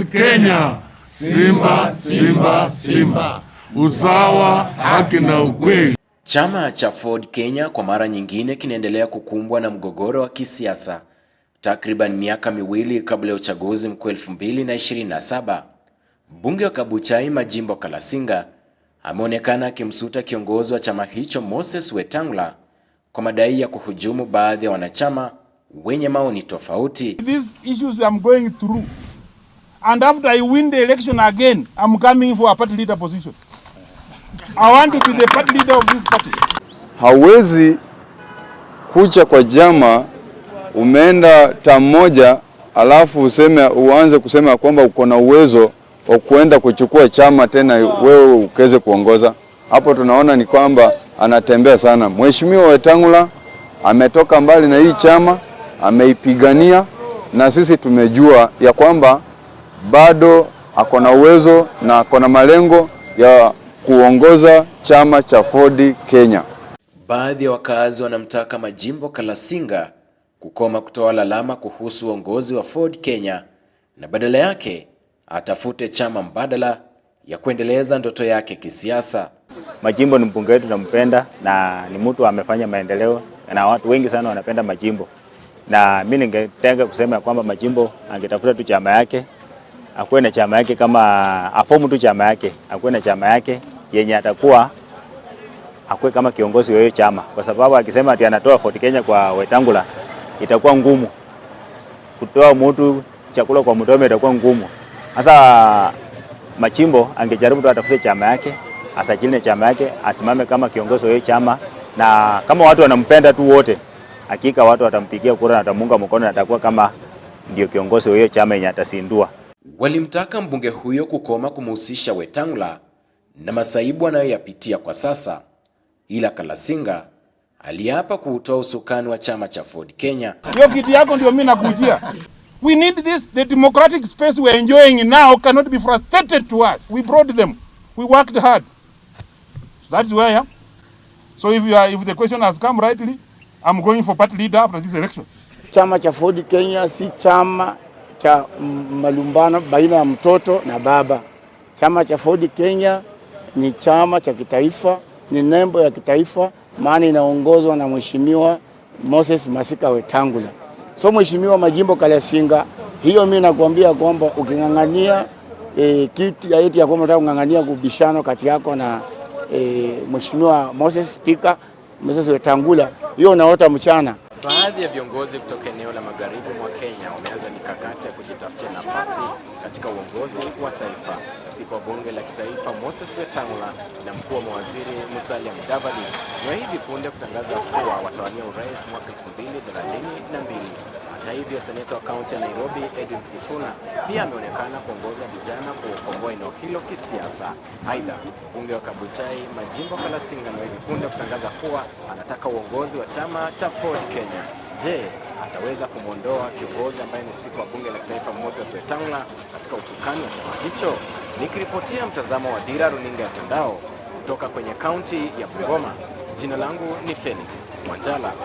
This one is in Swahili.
Mount Kenya, Simba, Simba, Simba, usawa, haki na ukweli. Chama cha Ford Kenya kwa mara nyingine kinaendelea kukumbwa na mgogoro wa kisiasa takriban miaka miwili kabla ya uchaguzi mkuu 2027. Mbunge wa Kabuchai Majimbo Kalasinga ameonekana akimsuta kiongozi wa chama hicho Moses Wetangula kwa madai ya kuhujumu baadhi ya wanachama wenye maoni tofauti. These issues are going through and after I win the election again, I'm coming for a party leader position. I want to be the party leader of this party. Hauwezi kucha kwa jama umeenda tam moja alafu useme uanze kusema kwamba uko na uwezo wa kuenda kuchukua chama tena wewe ukeze kuongoza. Hapo tunaona ni kwamba anatembea sana. Mheshimiwa Wetangula ametoka mbali na hii chama, ameipigania na sisi tumejua ya kwamba bado ako na uwezo na ako na malengo ya kuongoza chama cha Ford Kenya. Baadhi ya wakazi wanamtaka Majimbo Kalasinga kukoma kutoa lalama kuhusu uongozi wa Ford Kenya na badala yake atafute chama mbadala ya kuendeleza ndoto yake kisiasa. Majimbo ni mbunge wetu, nampenda na ni mtu amefanya maendeleo na watu wengi sana wanapenda Majimbo, na mimi ningetenga kusema ya kwamba Majimbo angetafuta tu chama yake akuwe na chama yake, kama afomu tu chama yake, akuwe na chama yake yenye atakuwa akuwe kama kiongozi wa hiyo chama, kwa sababu akisema ati anatoa Fort Kenya kwa Wetangula itakuwa ngumu. Kutoa mtu chakula kwa mtome itakuwa ngumu. Sasa Machimbo angejaribu tu atafute chama yake, asajili na chama yake, asimame kama kiongozi wa hiyo chama, na kama watu wanampenda tu wote, hakika watu watampigia kura na watamuunga mkono, na atakuwa kama ndio kiongozi wa hiyo chama yenye atasindua walimtaka mbunge huyo kukoma kumhusisha Wetangula na masaibu anayoyapitia kwa sasa, ila Kalasinga aliapa kuutoa usukani wa chama cha Ford Kenya. Hiyo kitu yako ndio mimi nakujia. We need this the democratic space we are enjoying now cannot be frustrated to us. We brought them. We worked hard. So that's where yeah. So if you are, if the question has come rightly, I'm going for party leader after this election. Chama cha Ford Kenya si chama cha malumbano baina ya mtoto na baba. Chama cha Ford Kenya ni chama cha kitaifa, ni nembo ya kitaifa, maana inaongozwa na Mheshimiwa Moses Masika Wetangula. So Mheshimiwa Majimbo Kalasinga, hiyo mimi nakwambia kwamba uking'ang'ania e, kiti ya eti ya kwamba unataka kung'ang'ania kubishano kati yako na e, Mheshimiwa Moses Speaker Moses Wetangula, hiyo unaota mchana. Baadhi ya viongozi kutoka eneo la magharibi mwa Kenya wameanza mikakati ya kujitafutia nafasi katika uongozi wa taifa. Spika wa bunge la kitaifa Moses Wetangula na mkuu wa mawaziri Musalia Mudavadi ni hivi punde kutangaza kuwa watawania urais mwaka 2032. Hata hivyo, seneta wa kaunti ya Nairobi Edwin Sifuna pia ameonekana kuongoza vijana kuokomboa eneo hilo kisiasa. Aidha, mbunge wa Kabuchai Majimbo Kalasinga na hivi punde kutangaza kuwa anataka uongozi wa chama cha Ford Kenya. Je, ataweza kumwondoa kiongozi ambaye ni spika wa bunge la kitaifa Moses Wetangula katika usukani wa chama hicho? Nikiripotia mtazamo wa Dira runinga ya Tandao kutoka kwenye kaunti ya Bungoma, jina langu ni Felix Wanjala.